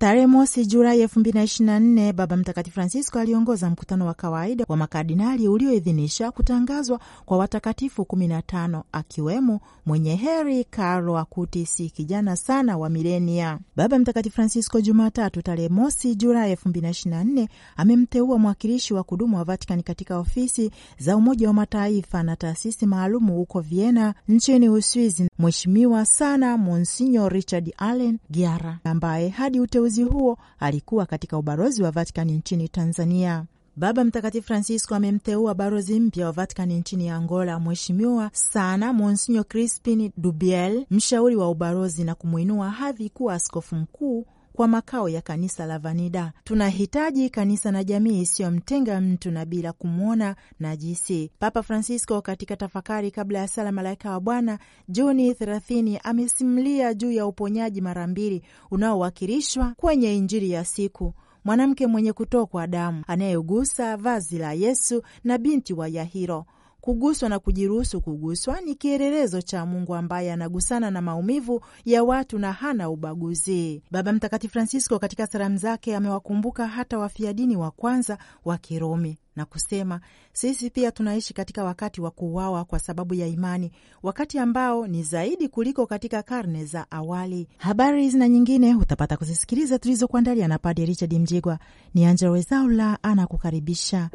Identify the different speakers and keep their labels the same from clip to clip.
Speaker 1: Tarehe mosi Julai elfu mbili na nne Baba Mtakatifu Francisco aliongoza mkutano wa kawaida wa makardinali ulioidhinisha kutangazwa kwa watakatifu kumi na tano akiwemo mwenye heri Carlo Acutis, kijana sana wa milenia. Baba Mtakatifu Francisco Jumatatu tarehe mosi Julai nne amemteua mwakilishi wa kudumu wa vatikani katika ofisi za Umoja wa Mataifa na taasisi maalumu huko viena nchini Uswizi, Mheshimiwa sana Monsignor Richard Allen Giara ambaye hadi uteuzi uchaguzi huo alikuwa katika ubalozi wa Vatikani nchini Tanzania. Baba Mtakatifu Francisco amemteua balozi mpya wa Vatikani nchini Angola, Mheshimiwa sana Monsinyo Crispin Dubiel, mshauri wa ubalozi, na kumwinua hadhi kuwa askofu mkuu kwa makao ya kanisa la Vanida. Tunahitaji kanisa na jamii isiyomtenga mtu na bila kumwona najisi. Papa Francisco katika tafakari kabla ya sala malaika wa Bwana Juni 30 amesimulia juu ya uponyaji mara mbili unaowakilishwa kwenye Injili ya siku mwanamke mwenye kutokwa damu anayegusa vazi la Yesu na binti wa Yahiro. Kuguswa na kujiruhusu kuguswa ni kielelezo cha Mungu ambaye anagusana na maumivu ya watu na hana ubaguzi. Baba Mtakatifu Francisco katika salamu zake amewakumbuka hata wafia dini wa kwanza wa Kirumi na kusema sisi pia tunaishi katika wakati wa kuuawa kwa sababu ya imani, wakati ambao ni zaidi kuliko katika karne za awali. Habari zina nyingine utapata kuzisikiliza tulizokuandalia na Padre Richard Mjigwa. Ni Angella Rwezaula anakukaribisha.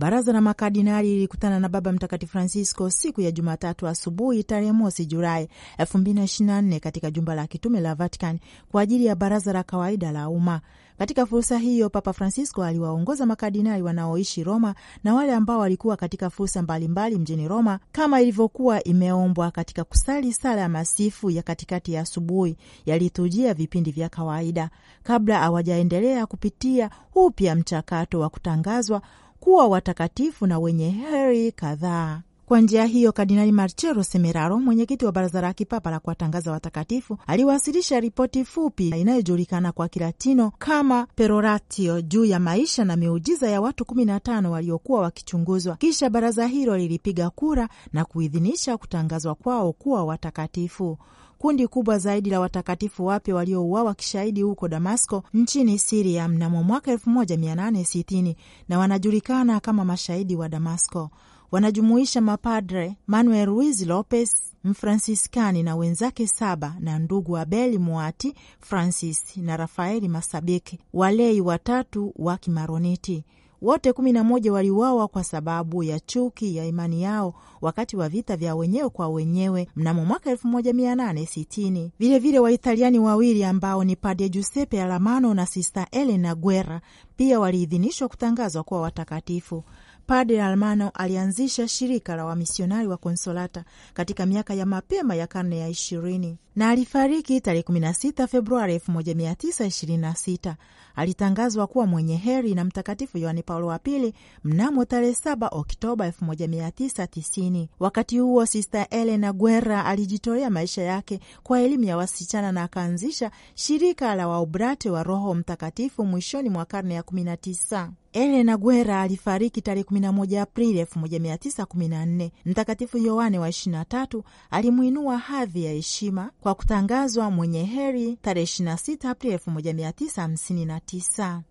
Speaker 1: Baraza la makardinali lilikutana na Baba Mtakatifu Francisco siku ya Jumatatu asubuhi tarehe mosi Julai 2024 katika jumba la kitume la Vatican kwa ajili ya baraza la kawaida la umma. Katika fursa hiyo, Papa Francisco aliwaongoza makardinali wanaoishi Roma na wale ambao walikuwa katika fursa mbalimbali mjini Roma, kama ilivyokuwa imeombwa katika kusali sala ya masifu ya katikati ya asubuhi ya liturujia, vipindi vya kawaida, kabla hawajaendelea kupitia upya mchakato wa kutangazwa kuwa watakatifu na wenye heri kadhaa. Kwa njia hiyo, Kardinali Marcello Semeraro, mwenyekiti wa Baraza la Kipapa la Kuwatangaza Watakatifu, aliwasilisha ripoti fupi inayojulikana kwa Kilatino kama Peroratio juu ya maisha na miujiza ya watu kumi na tano waliokuwa wakichunguzwa. Kisha baraza hilo lilipiga kura na kuidhinisha kutangazwa kwao kuwa watakatifu. Kundi kubwa zaidi la watakatifu wapya waliouawa kishahidi huko damasco nchini Siria mnamo mwaka 1860 na wanajulikana kama mashahidi wa damasco wanajumuisha mapadre Manuel Ruiz Lopez mfransiskani na wenzake saba na ndugu Abeli Muati Francis na Rafaeli Masabiki, walei watatu wa Kimaroniti. Wote kumi na moja waliuawa kwa sababu ya chuki ya imani yao wakati wa vita vya wenyewe kwa wenyewe mnamo mwaka 1860. Vilevile Waitaliani wawili ambao ni Padre Giuseppe Alamano na Sista Elena Guerra pia waliidhinishwa kutangazwa kuwa watakatifu. Padre almano alianzisha shirika la wamisionari wa Konsolata katika miaka ya mapema ya karne ya ishirini na alifariki tarehe 16 Februari 1926 alitangazwa kuwa mwenye heri na Mtakatifu Yohane Paulo wa Pili mnamo tarehe 7 Oktoba 1990. Wakati huo Sista Elena Guerra alijitolea maisha yake kwa elimu ya wasichana na akaanzisha shirika la Waubrate wa Roho Mtakatifu mwishoni mwa karne ya 19. Elena Guerra alifariki tarehe 11 Aprili 1914. Mtakatifu Yohane wa 23 alimwinua hadhi ya heshima kwa kutangazwa mwenye heri tarehe 26 Aprili 1953.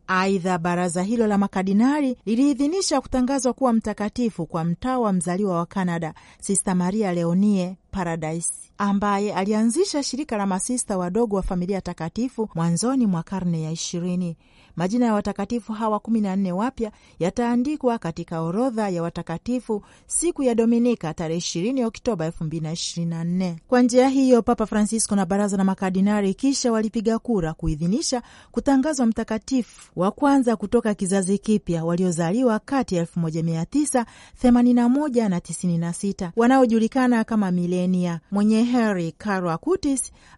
Speaker 1: Aidha, baraza hilo la makadinari liliidhinisha kutangazwa kuwa mtakatifu kwa mtawa mzaliwa wa Kanada Sista Maria Leonie Paradise ambaye alianzisha shirika la masista wadogo wa familia takatifu mwanzoni mwa karne ya ishirini. Majina ya watakatifu hawa kumi na nne wapya yataandikwa katika orodha ya watakatifu siku ya Dominika tarehe ishirini Oktoba elfu mbili na ishirini na nne. Kwa njia hiyo, Papa Francisco na baraza la makardinari kisha walipiga kura kuidhinisha kutangazwa mtakatifu wa kwanza kutoka kizazi kipya waliozaliwa kati ya elfu moja mia tisa themanini na moja na tisini na sita wanaojulikana kama milenia Denia mwenye heri Karwa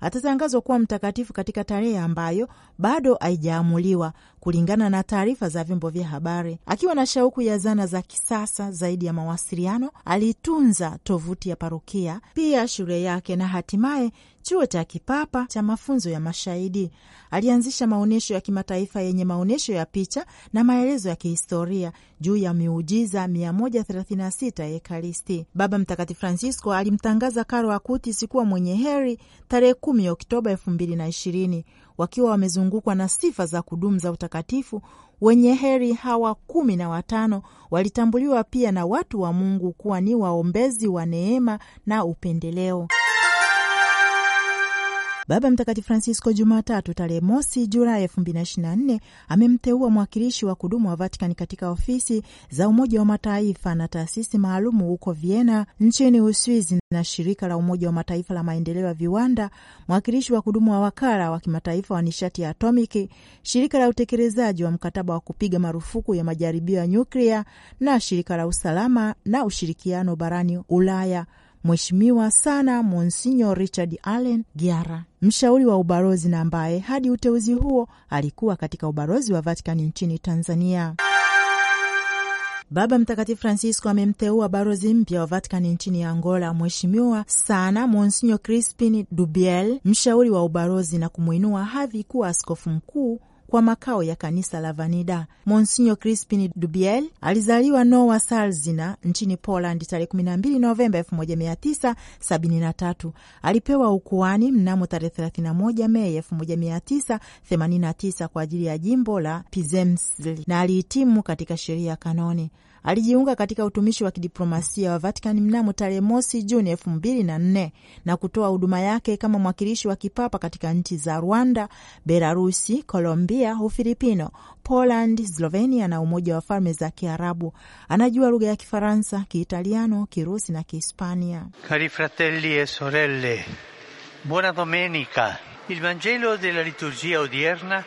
Speaker 1: atatangazwa kuwa mtakatifu katika tarehe ambayo bado haijaamuliwa kulingana na taarifa za vyombo vya habari. Akiwa na shauku ya zana za kisasa zaidi ya mawasiliano, alitunza tovuti ya parokia, pia shule yake na hatimaye chuo cha kipapa cha mafunzo ya mashahidi. Alianzisha maonyesho ya kimataifa yenye maonyesho ya picha na maelezo ya kihistoria juu ya miujiza 136 ya Ekaristi. Baba Mtakatifu Francisco alimtangaza Carlo Acutis kuwa mwenye heri tarehe 10 Oktoba 2020 wakiwa wamezungukwa na sifa za kudumu za utakatifu. Wenye heri hawa kumi na watano walitambuliwa pia na watu wa Mungu kuwa ni waombezi wa neema na upendeleo. Baba Mtakatifu Francisco Jumatatu tarehe mosi Julai 2024 amemteua mwakilishi wa kudumu wa vatikani katika ofisi za Umoja wa Mataifa na taasisi maalumu huko viena nchini Uswizi na shirika la Umoja wa Mataifa la maendeleo ya viwanda, mwakilishi wa kudumu wa wakala wa kimataifa wa nishati ya atomiki, shirika la utekelezaji wa mkataba wa kupiga marufuku ya majaribio ya nyuklia na shirika la usalama na ushirikiano barani Ulaya Mheshimiwa sana Monsinyo Richard Allen Giara, mshauri wa ubalozi na ambaye hadi uteuzi huo alikuwa katika ubalozi wa Vatikani nchini Tanzania. Baba Mtakatifu Francisco amemteua barozi mpya wa Vatikani nchini Angola, Mheshimiwa sana Monsinyo Crispin Dubiel, mshauri wa ubalozi, na kumwinua hadhi kuwa askofu mkuu kwa makao ya kanisa la Vanida. Monsinyo Crispin Dubiel alizaliwa Nowa Salzina nchini Poland tarehe 12 Novemba 1973. Alipewa ukuani mnamo tarehe 31 Mei 1989 kwa ajili ya jimbo la Pizemsl na alihitimu katika sheria ya kanoni. Alijiunga katika utumishi wa kidiplomasia wa Vatican mnamo tarehe mosi Juni elfu mbili na nne na kutoa huduma yake kama mwakilishi wa kipapa katika nchi za Rwanda, Belarusi, Colombia, Ufilipino, Poland, Slovenia na Umoja wa Falme za Kiarabu. Anajua lugha ya Kifaransa, Kiitaliano, Kirusi na Kihispania.
Speaker 2: Cari fratelli e sorelle, buona domenica. Il Vangelo della liturgia odierna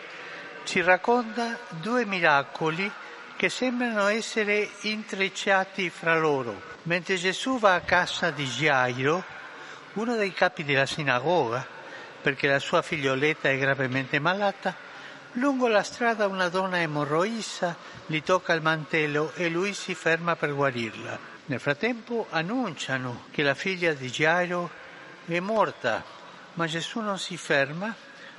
Speaker 2: ci racconta due miracoli che sembrano essere intrecciati fra loro. Mentre Gesù va a casa di Jairo, uno dei capi della sinagoga, perché la sua figlioletta è gravemente malata, lungo la strada una donna emorroissa gli tocca il mantello e lui si ferma per guarirla. Nel frattempo annunciano che la figlia di Jairo è morta, ma Gesù non si ferma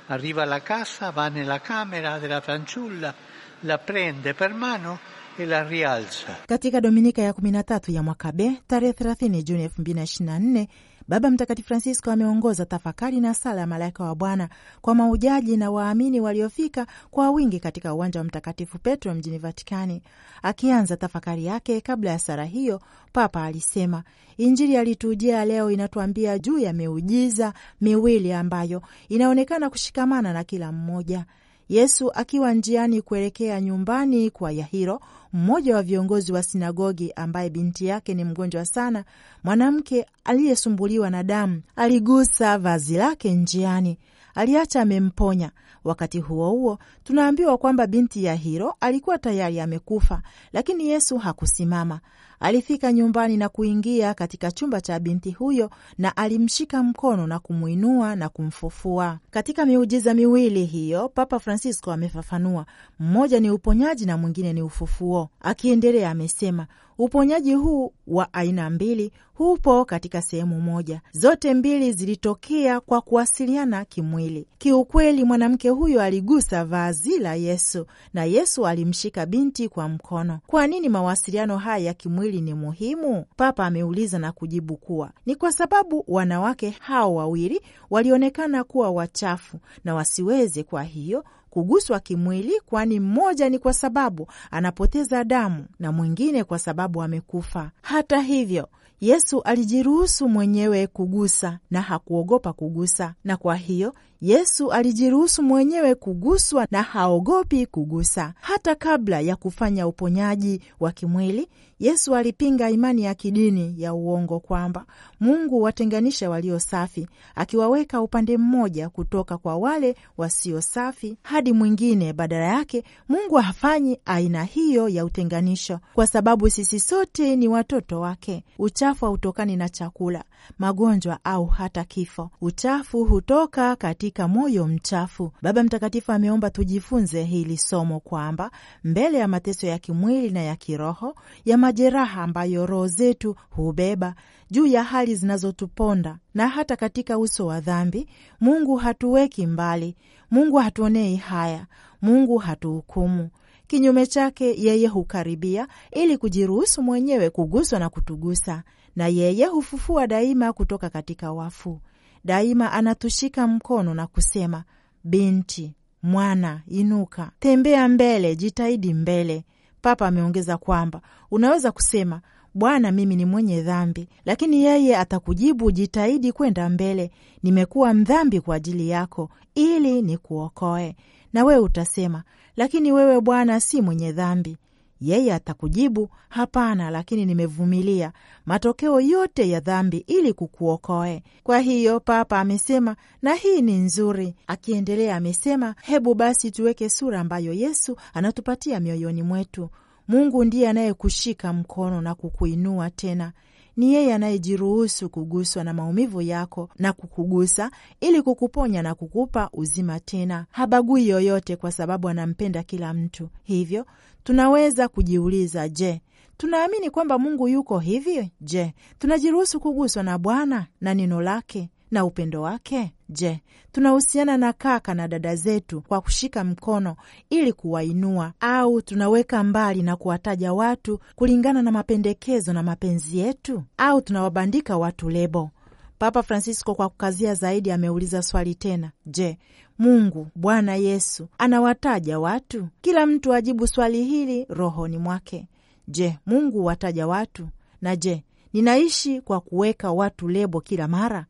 Speaker 2: Arriva alla casa, va nella camera della fanciulla, la prende per mano e la rialza.
Speaker 1: Katika dominika ya 13 ya mwaka B, tarehe 30 Juni 2024 Baba Mtakatifu Francisco ameongoza tafakari na sala ya malaika wa Bwana kwa maujaji na waamini waliofika kwa wingi katika uwanja wa Mtakatifu Petro mjini Vatikani. Akianza tafakari yake kabla ya sala hiyo, Papa alisema Injili alitujia leo inatuambia juu ya miujiza miwili ambayo inaonekana kushikamana na kila mmoja. Yesu akiwa njiani kuelekea nyumbani kwa Yahiro, mmoja wa viongozi wa sinagogi ambaye binti yake ni mgonjwa sana, mwanamke aliyesumbuliwa na damu, aligusa vazi lake njiani, aliacha amemponya. Wakati huo huo, tunaambiwa kwamba binti ya Hiro alikuwa tayari amekufa, lakini Yesu hakusimama. Alifika nyumbani na kuingia katika chumba cha binti huyo na alimshika mkono na kumwinua na kumfufua. Katika miujiza miwili hiyo, Papa Francisco amefafanua, mmoja ni uponyaji na mwingine ni ufufuo. Akiendelea amesema uponyaji huu wa aina mbili hupo katika sehemu moja. Zote mbili zilitokea kwa kuwasiliana kimwili. Kiukweli, mwanamke huyo aligusa vazi la Yesu na Yesu alimshika binti kwa mkono. Kwa nini mawasiliano haya ya kimwili hili ni muhimu? Papa ameuliza na kujibu kuwa ni kwa sababu wanawake hao wawili walionekana kuwa wachafu na wasiweze kwa hiyo kuguswa kimwili, kwani mmoja ni kwa sababu anapoteza damu na mwingine kwa sababu amekufa. Hata hivyo Yesu alijiruhusu mwenyewe kugusa na hakuogopa kugusa, na kwa hiyo Yesu alijiruhusu mwenyewe kuguswa na haogopi kugusa. Hata kabla ya kufanya uponyaji wa kimwili, Yesu alipinga imani ya kidini ya uongo kwamba Mungu watenganisha walio safi, akiwaweka upande mmoja kutoka kwa wale wasio safi hadi mwingine. Badala yake, Mungu hafanyi aina hiyo ya utenganisho, kwa sababu sisi sote ni watoto wake Ucha Uchafu hautokani na chakula, magonjwa au hata kifo. Uchafu hutoka katika moyo mchafu. Baba Mtakatifu ameomba tujifunze hili somo kwamba mbele ya mateso ya kimwili na ya kiroho, ya majeraha ambayo roho zetu hubeba juu ya hali zinazotuponda na hata katika uso wa dhambi, Mungu hatuweki mbali. Mungu hatuonei haya. Mungu hatuhukumu. Kinyume chake, yeye hukaribia ili kujiruhusu mwenyewe kuguswa na kutugusa, na yeye hufufua daima kutoka katika wafu. Daima anatushika mkono na kusema, binti, mwana, inuka, tembea mbele, jitahidi mbele. Papa ameongeza kwamba unaweza kusema Bwana, mimi ni mwenye dhambi, lakini yeye atakujibu, jitahidi kwenda mbele, nimekuwa mdhambi kwa ajili yako ili nikuokoe. Na wewe utasema lakini wewe Bwana si mwenye dhambi. Yeye atakujibu hapana, lakini nimevumilia matokeo yote ya dhambi ili kukuokoe. Kwa hiyo Papa amesema, na hii ni nzuri. Akiendelea amesema, hebu basi tuweke sura ambayo Yesu anatupatia mioyoni mwetu. Mungu ndiye anayekushika mkono na kukuinua tena ni yeye anayejiruhusu kuguswa na maumivu yako na kukugusa ili kukuponya na kukupa uzima tena. Habagui yoyote kwa sababu anampenda kila mtu. Hivyo tunaweza kujiuliza, je, tunaamini kwamba Mungu yuko hivi? Je, tunajiruhusu kuguswa na Bwana na neno lake? na upendo wake? Je, tunahusiana na kaka na dada zetu kwa kushika mkono ili kuwainua, au tunaweka mbali na kuwataja watu kulingana na mapendekezo na mapenzi yetu, au tunawabandika watu lebo? Papa Francisco kwa kukazia zaidi ameuliza swali tena: Je, Mungu Bwana Yesu anawataja watu? Kila mtu ajibu swali hili rohoni mwake. Je, Mungu wataja watu? Na je, ninaishi kwa kuweka watu lebo kila mara?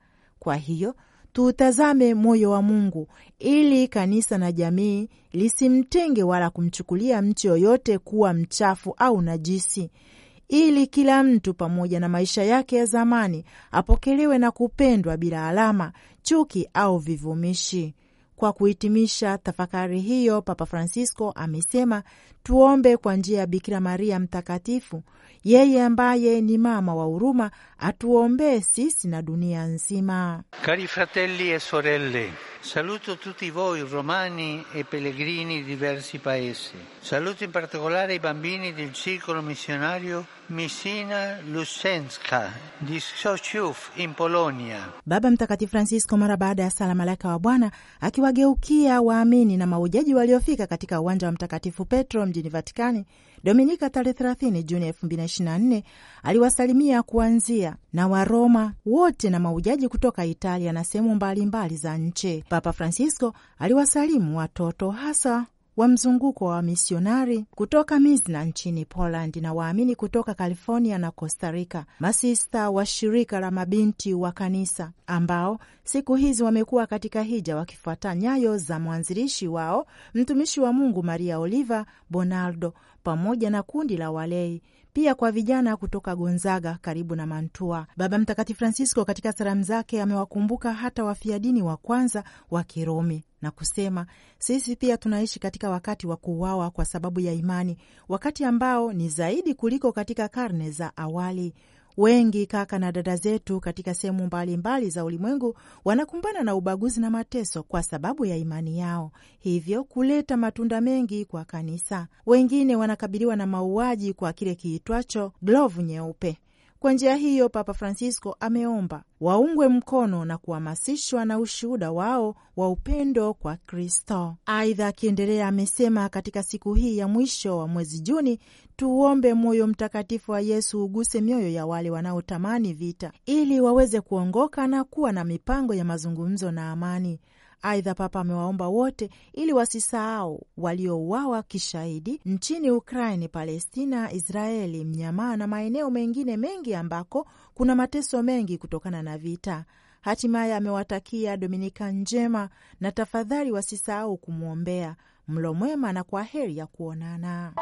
Speaker 1: Kwa hiyo tuutazame moyo wa Mungu ili kanisa na jamii lisimtenge wala kumchukulia mtu yoyote kuwa mchafu au najisi, ili kila mtu pamoja na maisha yake ya zamani apokelewe na kupendwa bila alama, chuki au vivumishi. Kwa kuhitimisha tafakari hiyo, Papa Francisco amesema Tuombe kwa njia ya Bikira Maria Mtakatifu, yeye ambaye ni mama wa huruma, atuombee sisi na dunia nzima.
Speaker 2: Cari fratelli e sorelle, saluto tutti voi romani e pellegrini di diversi paesi. Saluto in particolare i bambini del circolo missionario Misina Lusenska di Sochuf in Polonia.
Speaker 1: Baba Mtakatifu Francisco, mara baada ya sala Malaika wa Bwana, akiwageukia waamini na maujaji waliofika katika uwanja wa Mtakatifu Petro mjini Vatikani Dominika tarehe 30 Juni 2024 aliwasalimia kuanzia na Waroma wote na maujaji kutoka Italia na sehemu mbalimbali za nchi. Papa Francisco aliwasalimu watoto hasa wa mzunguko wa wamisionari kutoka Mizna nchini Poland na waamini kutoka California na Costa Rica, masista wa shirika la mabinti wa kanisa ambao siku hizi wamekuwa katika hija wakifuata nyayo za mwanzilishi wao mtumishi wa Mungu Maria Oliva Bonaldo, pamoja na kundi la walei pia kwa vijana kutoka Gonzaga karibu na Mantua. Baba Mtakatifu Francisco katika salamu zake amewakumbuka hata wafia dini wa kwanza wa Kirumi na kusema sisi pia tunaishi katika wakati wa kuuawa kwa sababu ya imani, wakati ambao ni zaidi kuliko katika karne za awali. Wengi kaka na dada zetu katika sehemu mbalimbali za ulimwengu wanakumbana na ubaguzi na mateso kwa sababu ya imani yao, hivyo kuleta matunda mengi kwa kanisa. Wengine wanakabiliwa na mauaji kwa kile kiitwacho glovu nyeupe, kwa njia hiyo, Papa Francisco ameomba waungwe mkono na kuhamasishwa na ushuhuda wao wa upendo kwa Kristo. Aidha, akiendelea amesema, katika siku hii ya mwisho wa mwezi Juni tuombe moyo mtakatifu wa Yesu uguse mioyo ya wale wanaotamani vita, ili waweze kuongoka na kuwa na mipango ya mazungumzo na amani. Aidha, Papa amewaomba wote ili wasisahau waliouawa kishahidi nchini Ukraini, Palestina, Israeli, Mnyamaa na maeneo mengine mengi ambako kuna mateso mengi kutokana na vita. Hatimaye amewatakia Dominika njema na tafadhali wasisahau kumwombea. Mlo mwema na kwa heri ya kuonana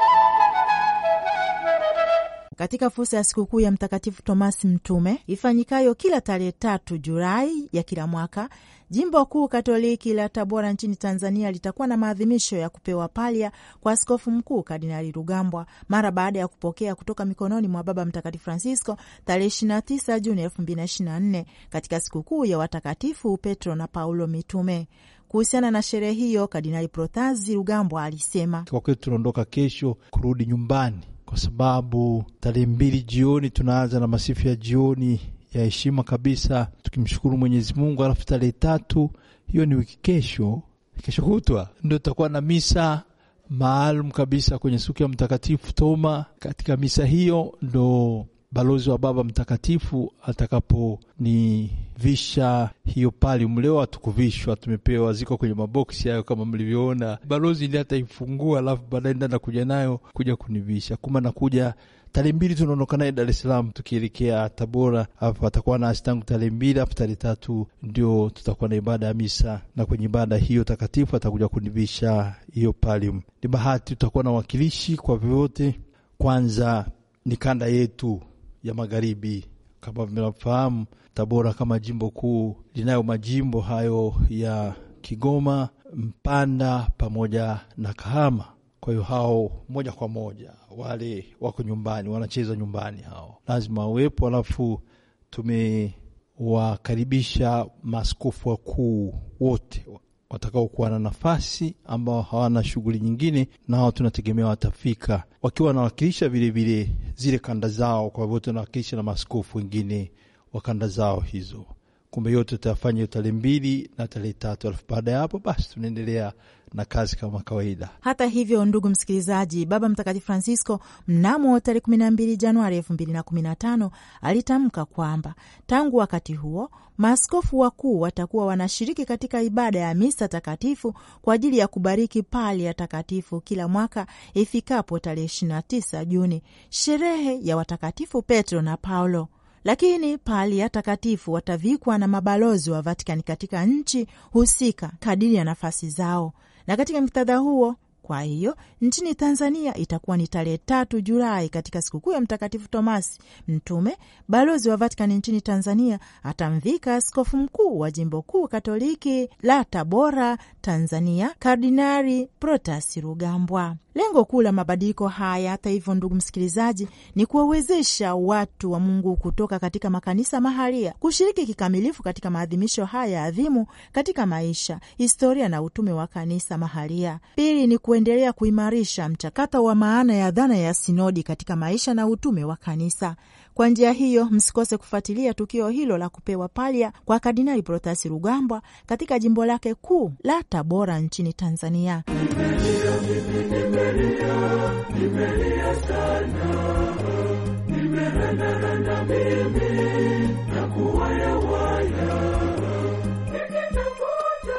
Speaker 1: katika fursa ya sikukuu ya Mtakatifu Tomasi Mtume ifanyikayo kila tarehe tatu Julai ya kila mwaka, Jimbo Kuu Katoliki la Tabora nchini Tanzania litakuwa na maadhimisho ya kupewa palia kwa Askofu Mkuu Kardinali Rugambwa mara baada ya kupokea kutoka mikononi mwa Baba Mtakatifu Francisco tarehe 29 Juni 2024 katika sikukuu ya watakatifu Petro na Paulo mitume. Kuhusiana na sherehe hiyo, Kardinali Protazi Rugambwa alisema,
Speaker 3: kwa kweli tunaondoka kesho kurudi nyumbani kwa sababu tarehe mbili jioni tunaanza na masifu ya jioni ya heshima kabisa, tukimshukuru Mwenyezi Mungu. Alafu tarehe tatu, hiyo ni wiki kesho, kesho kutwa ndio tutakuwa na misa maalum kabisa kwenye suku ya Mtakatifu Toma. Katika misa hiyo ndo balozi wa Baba Mtakatifu atakaponivisha hiyo pali. Leo hatukuvishwa, tumepewa, ziko kwenye maboksi hayo kama mlivyoona. Balozi ndiye ataifungua, alafu baadaye ndo anakuja nayo kuja kunivisha. Kuma nakuja tarehe mbili tunaondoka naye Dar es Salaam tukielekea Tabora. Hapa atakuwa nasi tangu tarehe mbili, alafu tarehe tatu ndio tutakuwa na ibada ya misa, na kwenye ibada hiyo takatifu atakuja kunivisha hiyo palium. Ni bahati tutakuwa na wakilishi kwa vyovyote. Kwanza ni kanda yetu ya magharibi. Kama mnafahamu, Tabora kama jimbo kuu linayo majimbo hayo ya Kigoma, Mpanda pamoja na Kahama. Kwa hiyo hao moja kwa moja wale wako nyumbani, wanacheza nyumbani, hao lazima wawepo. Alafu tumewakaribisha maaskofu wakuu wote watakaokuwa na nafasi ambao hawana shughuli nyingine, nao tunategemea watafika wakiwa wanawakilisha vilevile zile kanda zao, kwa hivyo wanawakilisha na maaskofu wengine wa kanda zao hizo. Kumbe yote tutayafanya tarehe mbili na tarehe tatu, alafu baada ya hapo basi tunaendelea na kazi kama kawaida.
Speaker 1: Hata hivyo, ndugu msikilizaji, Baba Mtakatifu Francisco mnamo tarehe kumi na mbili Januari elfu mbili na kumi na tano alitamka kwamba tangu wakati huo maaskofu wakuu watakuwa wanashiriki katika ibada ya misa takatifu kwa ajili ya kubariki pali ya takatifu kila mwaka ifikapo tarehe 29 Juni, sherehe ya watakatifu Petro na Paulo. Lakini pali ya takatifu watavikwa na mabalozi wa Vatikani katika nchi husika kadiri ya nafasi zao na katika muktadha huo kwa hiyo nchini Tanzania itakuwa ni tarehe tatu Julai katika sikukuu ya Mtakatifu Tomasi Mtume. Balozi wa Vatikani nchini Tanzania atamvika askofu mkuu wa jimbo kuu katoliki la Tabora, Tanzania, Kardinari Protasi Rugambwa. Lengo kuu la mabadiliko haya, hata hivyo, ndugu msikilizaji, ni kuwawezesha watu wa Mungu kutoka katika makanisa mahalia kushiriki kikamilifu katika maadhimisho haya adhimu katika maisha, historia na utume wa kanisa mahalia. Pili ni kuendelea kuimarisha mchakato wa maana ya dhana ya sinodi katika maisha na utume wa kanisa. Kwa njia hiyo, msikose kufuatilia tukio hilo la kupewa palya kwa Kardinali Protasi Rugambwa katika jimbo lake kuu la Tabora nchini Tanzania.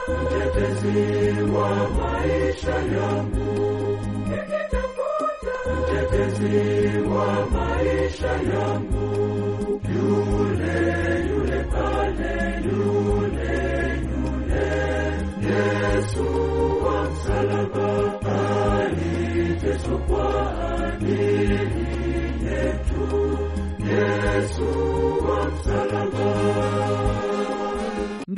Speaker 2: Mtetezi
Speaker 3: wa maisha yangu mtetezi wa maisha yangu, yule
Speaker 2: yule pale, yule yule Yesu wa msalaba, aliteswa kwa ajili yetu Yesu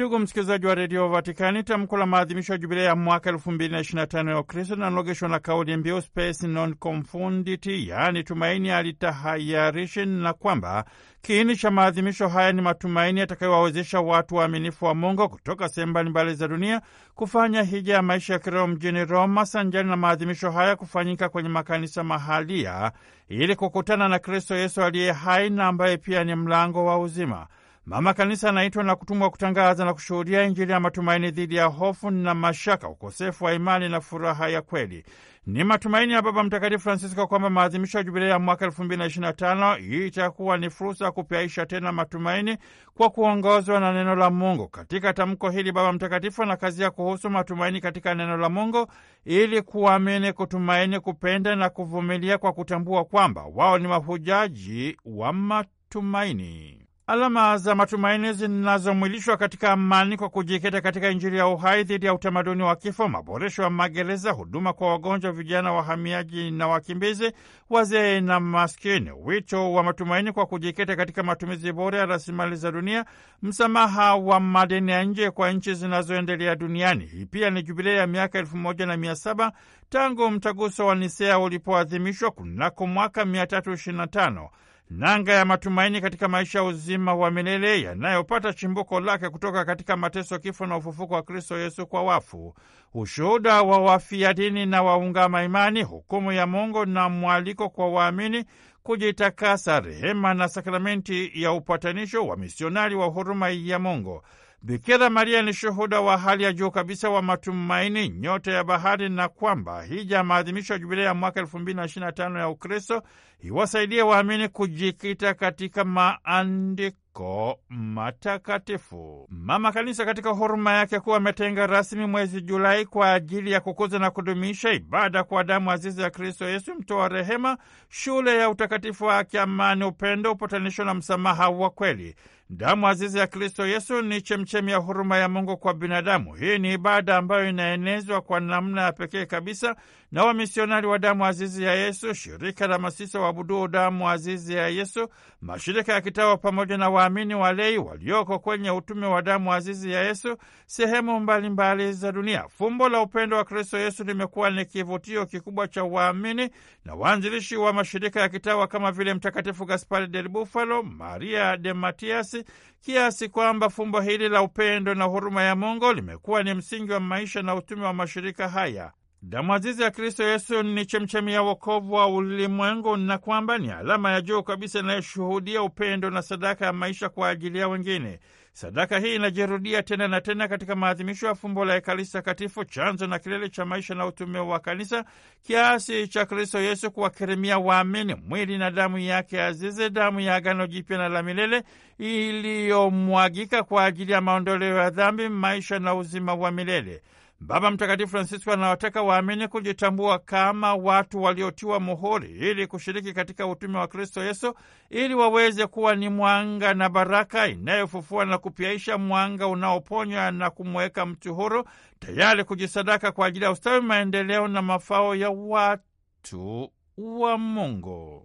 Speaker 4: Ndugu msikilizaji wa redio Vatikani, tamko la maadhimisho ya jubilei ya mwaka elfu mbili na na tano ya Ukristo linalogeshwa na kauli mbiu spes non confundit, yaani tumaini alitahayarishi, na kwamba kiini cha maadhimisho haya ni matumaini yatakayowawezesha watu waaminifu wa Mungu kutoka sehemu mbalimbali za dunia kufanya hija ya maisha ya kiroho mjini Roma, sanjani na maadhimisho haya kufanyika kwenye makanisa mahalia ili kukutana na Kristo Yesu aliye hai na ambaye pia ni mlango wa uzima. Mama Kanisa anaitwa na kutumwa kutangaza na kushuhudia Injili ya matumaini dhidi ya hofu na mashaka, ukosefu wa imani na furaha ya kweli. Ni matumaini ya Baba Mtakatifu Francisco kwamba maadhimisho ya jubilei ya mwaka elfu mbili na ishirini na tano hii itakuwa ni fursa ya kupyaisha tena matumaini kwa kuongozwa na neno la Mungu. Katika tamko hili, Baba Mtakatifu anakazia kuhusu matumaini katika neno la Mungu ili kuamini, kutumaini, kupenda na kuvumilia kwa kutambua kwamba wao ni mahujaji wa matumaini alama za matumaini zinazomwilishwa katika amani kwa kujikita katika Injili ya uhai dhidi ya utamaduni wa kifo, maboresho ya magereza, huduma kwa wagonjwa, vijana, wahamiaji na wakimbizi, wazee na maskini, wito wa matumaini kwa kujikita katika matumizi bora ya rasilimali za dunia, msamaha wa madeni ya nje kwa nchi zinazoendelea duniani. Hii pia ni jubilei ya miaka elfu moja na mia saba tangu mtaguso wa Nisea ulipoadhimishwa kunako mwaka 325 nanga ya matumaini katika maisha ya uzima wa milele yanayopata chimbuko lake kutoka katika mateso, kifo na ufufuko wa Kristo Yesu kwa wafu, ushuhuda wa wafia dini na waungama imani, hukumu ya Mungu na mwaliko kwa waamini kujitakasa, rehema na sakramenti ya upatanisho, wa misionari wa huruma ya Mungu. Bikira Maria ni shuhuda wa hali ya juu kabisa wa matumaini, nyota ya bahari, na kwamba hija ya maadhimisho ya jubilei ya mwaka elfu mbili na ishirini na tano ya Ukristo iwasaidie waamini kujikita katika maandiko matakatifu. Mama Kanisa katika huruma yake kuwa ametenga rasmi mwezi Julai kwa ajili ya kukuza na kudumisha ibada kwa damu azizi ya Kristo Yesu mtoa rehema, shule ya utakatifu wake, amani, upendo, upatanisho na msamaha wa kweli. Damu azizi ya Kristo Yesu ni chemchemi ya huruma ya Mungu kwa binadamu. Hii ni ibada ambayo inaenezwa kwa namna ya pekee kabisa na wamisionari wa damu azizi ya Yesu, shirika la masisa waabuduo damu azizi ya Yesu, mashirika ya kitawa pamoja na waamini walei walioko kwenye utume wa damu azizi ya Yesu sehemu mbalimbali mbali za dunia. Fumbo la upendo wa Kristo Yesu limekuwa ni kivutio kikubwa cha waamini na waanzilishi wa mashirika ya kitawa kama vile Mtakatifu Gaspari del Bufalo, Maria de Matias nafsi, kiasi kwamba fumbo hili la upendo na huruma ya Mungu limekuwa ni msingi wa maisha na utume wa mashirika haya. Damu azizi ya Kristo Yesu ni chemchemi ya wokovu wa ulimwengu na kwamba ni alama ya juu kabisa inayoshuhudia upendo na sadaka ya maisha kwa ajili ya wengine. Sadaka hii inajirudia tena na tena katika maadhimisho ya fumbo la Ekaristi Takatifu, chanzo na kilele cha maisha na utume wa Kanisa, kiasi cha Kristo Yesu kuwakirimia waamini mwili na damu yake azize, damu ya agano jipya na la milele iliyomwagika kwa ajili ya maondoleo ya dhambi, maisha na uzima wa milele. Baba Mtakatifu Francisco anawataka waamini kujitambua kama watu waliotiwa muhuri ili kushiriki katika utume wa Kristo Yesu, ili waweze kuwa ni mwanga na baraka inayofufua na kupiaisha, mwanga unaoponya na kumweka mtu huru, tayari kujisadaka kwa ajili ya ustawi, maendeleo na mafao ya watu wa Mungu.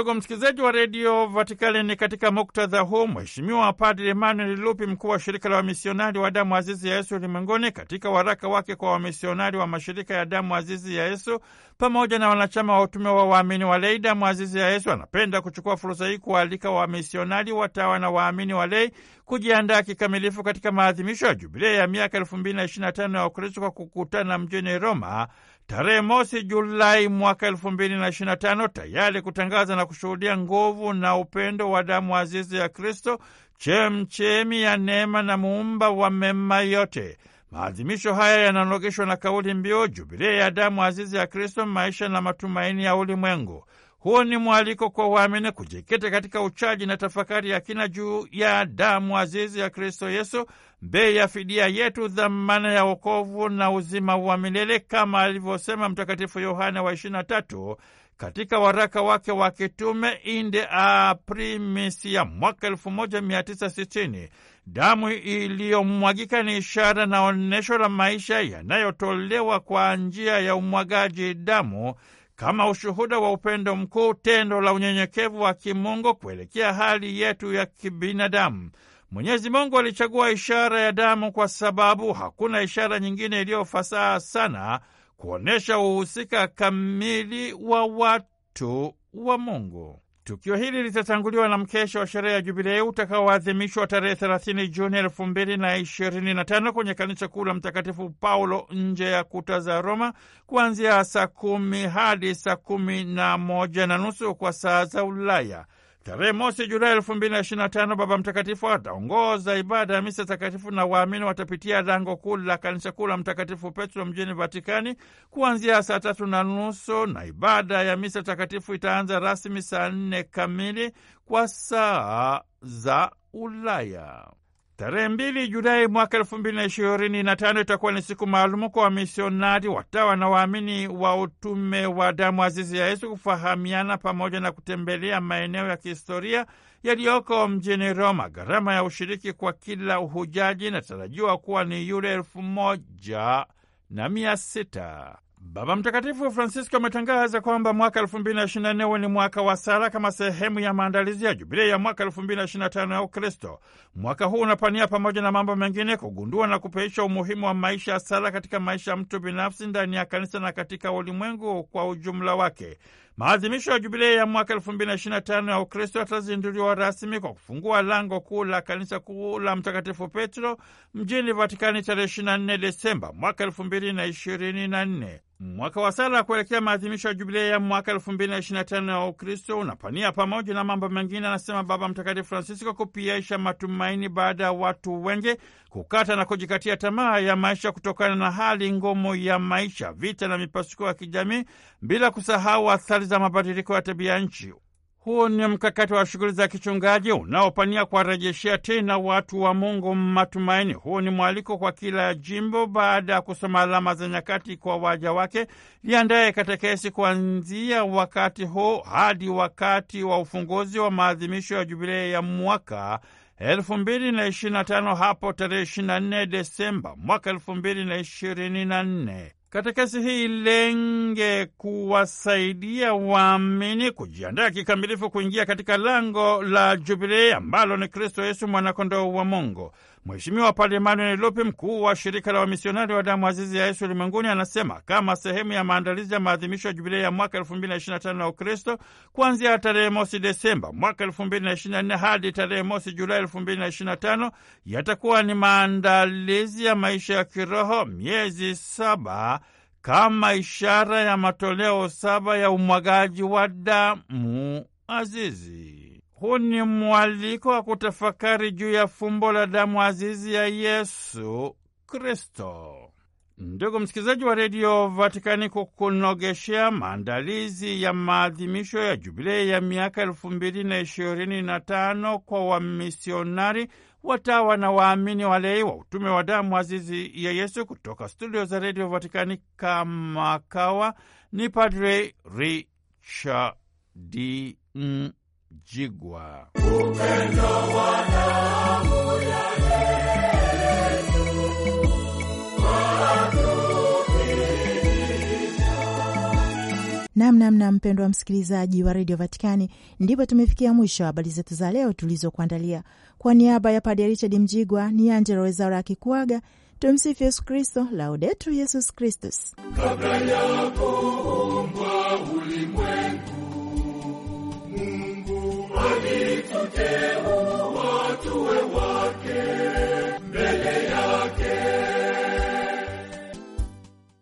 Speaker 4: Ndugu msikilizaji wa redio Vatikani, ni katika muktadha huu Mheshimiwa Padre Emanuel Lupi, mkuu wa shirika la wamisionari wa damu azizi ya Yesu ulimwenguni, katika waraka wake kwa wamisionari wa mashirika ya damu azizi ya Yesu pamoja na wanachama wa utume wa waamini walei damu azizi ya Yesu, anapenda kuchukua fursa hii kuwaalika wamisionari, watawa na waamini walei kujiandaa kikamilifu katika maadhimisho ya jubilei ya miaka elfu mbili na na tano ya Ukristo kwa kukutana mjini Roma tarehe mosi Julai mwaka elfu mbili na ishirini na tano tayari kutangaza na kushuhudia nguvu na upendo wa damu azizi ya Kristo, chemchemi ya neema na muumba wa mema yote. Maadhimisho haya yananogeshwa na kauli mbiu Jubilee ya damu azizi ya Kristo, maisha na matumaini ya ulimwengu. Huu ni mwaliko kwa waamini kujikita katika uchaji na tafakari ya kina juu ya damu azizi ya Kristo Yesu bei ya fidia yetu, dhamana ya wokovu na uzima wa milele, kama alivyosema Mtakatifu Yohane wa 23 katika waraka wake wa kitume Inde Aprimisi ya mwaka 1960. Damu iliyomwagika ni ishara na onyesho la maisha yanayotolewa kwa njia ya umwagaji damu kama ushuhuda wa upendo mkuu, tendo la unyenyekevu wa kimungu kuelekea hali yetu ya kibinadamu. Mwenyezi Mungu alichagua ishara ya damu kwa sababu hakuna ishara nyingine iliyofasaha sana kuonyesha uhusika kamili wa watu wa Mungu. Tukio hili litatanguliwa na mkesha wa sherehe ya Jubilei utakaoadhimishwa tarehe 30 Juni 2025 kwenye kanisa kuu la Mtakatifu Paulo nje ya kuta za Roma, kuanzia saa kumi hadi saa kumi na moja na nusu kwa saa za Ulaya. Tarehe mosi Julai elfu mbili na ishirini na tano Baba Mtakatifu ataongoza ibada ya misa takatifu na waamini watapitia lango kuu la kanisa kuu la Mtakatifu Petro mjini Vatikani kuanzia saa tatu na nusu na ibada ya misa takatifu itaanza rasmi saa nne kamili kwa saa za Ulaya. Tarehe mbili Julai mwaka elfu mbili na ishirini na tano itakuwa ni siku maalumu kwa wamisionari, watawa na waamini wa utume wa damu azizi ya Yesu kufahamiana pamoja na kutembelea maeneo ya kihistoria yaliyoko mjini Roma. Gharama ya ushiriki kwa kila uhujaji inatarajiwa kuwa ni yule elfu moja na mia sita. Baba Mtakatifu Francisco ametangaza kwamba mwaka 2024 huo ni mwaka wa sala kama sehemu ya maandalizi ya jubilei ya mwaka 2025 ya Ukristo. Mwaka huu unapania, pamoja na mambo mengine, kugundua na kupeisha umuhimu wa maisha ya sala katika maisha ya mtu binafsi, ndani ya kanisa na katika ulimwengu kwa ujumla wake. Maadhimisho ya jubilei ya mwaka 2025 ya Ukristo yatazinduliwa rasmi kwa kufungua lango kuu la kanisa kuu la Mtakatifu Petro mjini Vatikani tarehe 24 Desemba mwaka 2024. Mwaka wa sala kuelekea maadhimisho ya jubilei ya mwaka elfu mbili na na tano ya Ukristo unapania pamoja na mambo mengine, anasema Baba Mtakatifu Francisco, kupiaisha matumaini baada ya watu wengi kukata na kujikatia tamaa ya maisha kutokana na hali ngumu ya maisha, vita na mipasuko ya kijamii, bila kusahau athari za mabadiliko ya tabia nchi. Huu ni mkakati wa shughuli za kichungaji unaopania kuwarejeshea tena watu wa Mungu matumaini. Huu ni mwaliko kwa kila jimbo, baada ya kusoma alama za nyakati kwa waja wake, liandaye katekesi kuanzia wakati huu hadi wakati wa ufunguzi wa maadhimisho ya jubilei ya mwaka 225 hapo tarehe 24 Desemba mwaka elfu na Katekesi hii lenge kuwasaidia waamini kujiandaa kikamilifu kuingia katika lango la Jubilei ambalo ni Kristo Yesu, mwanakondoo wa Mungu. Mheshimiwa Padre Emmanuel Lope, mkuu wa shirika la wamisionari wa damu azizi ya Yesu ulimwenguni, anasema kama sehemu ya maandalizi ya maadhimisho ya jubilei ya mwaka 2025 ya Ukristo kuanzia tarehe mosi Desemba mwaka 2024 hadi tarehe mosi Julai 2025 yatakuwa ni maandalizi ya maisha ya kiroho, miezi saba kama ishara ya matoleo saba ya umwagaji wa damu azizi. Huu ni mwaliko wa kutafakari juu ya fumbo la damu azizi ya Yesu Kristo. Ndugu msikilizaji wa redio Vatikani, kukunogeshea maandalizi ya maadhimisho ya jubilei ya miaka elfu mbili na ishirini na tano kwa wamisionari watawa na waamini walei wa utume wa damu azizi ya Yesu, kutoka studio za redio Vatikani kamakawa ni Padre Richard D. Jigwa. mpendo wa
Speaker 1: namnamna mpendwa msikilizaji wa redio Vatikani, ndipo tumefikia mwisho habari zetu za leo tulizokuandalia. Kwa niaba ya Padre Richard Mjigwa ni Angelo Wezaura akikuaga. Tumsifu Yesu Kristo, Laudetur Yesus Kristus.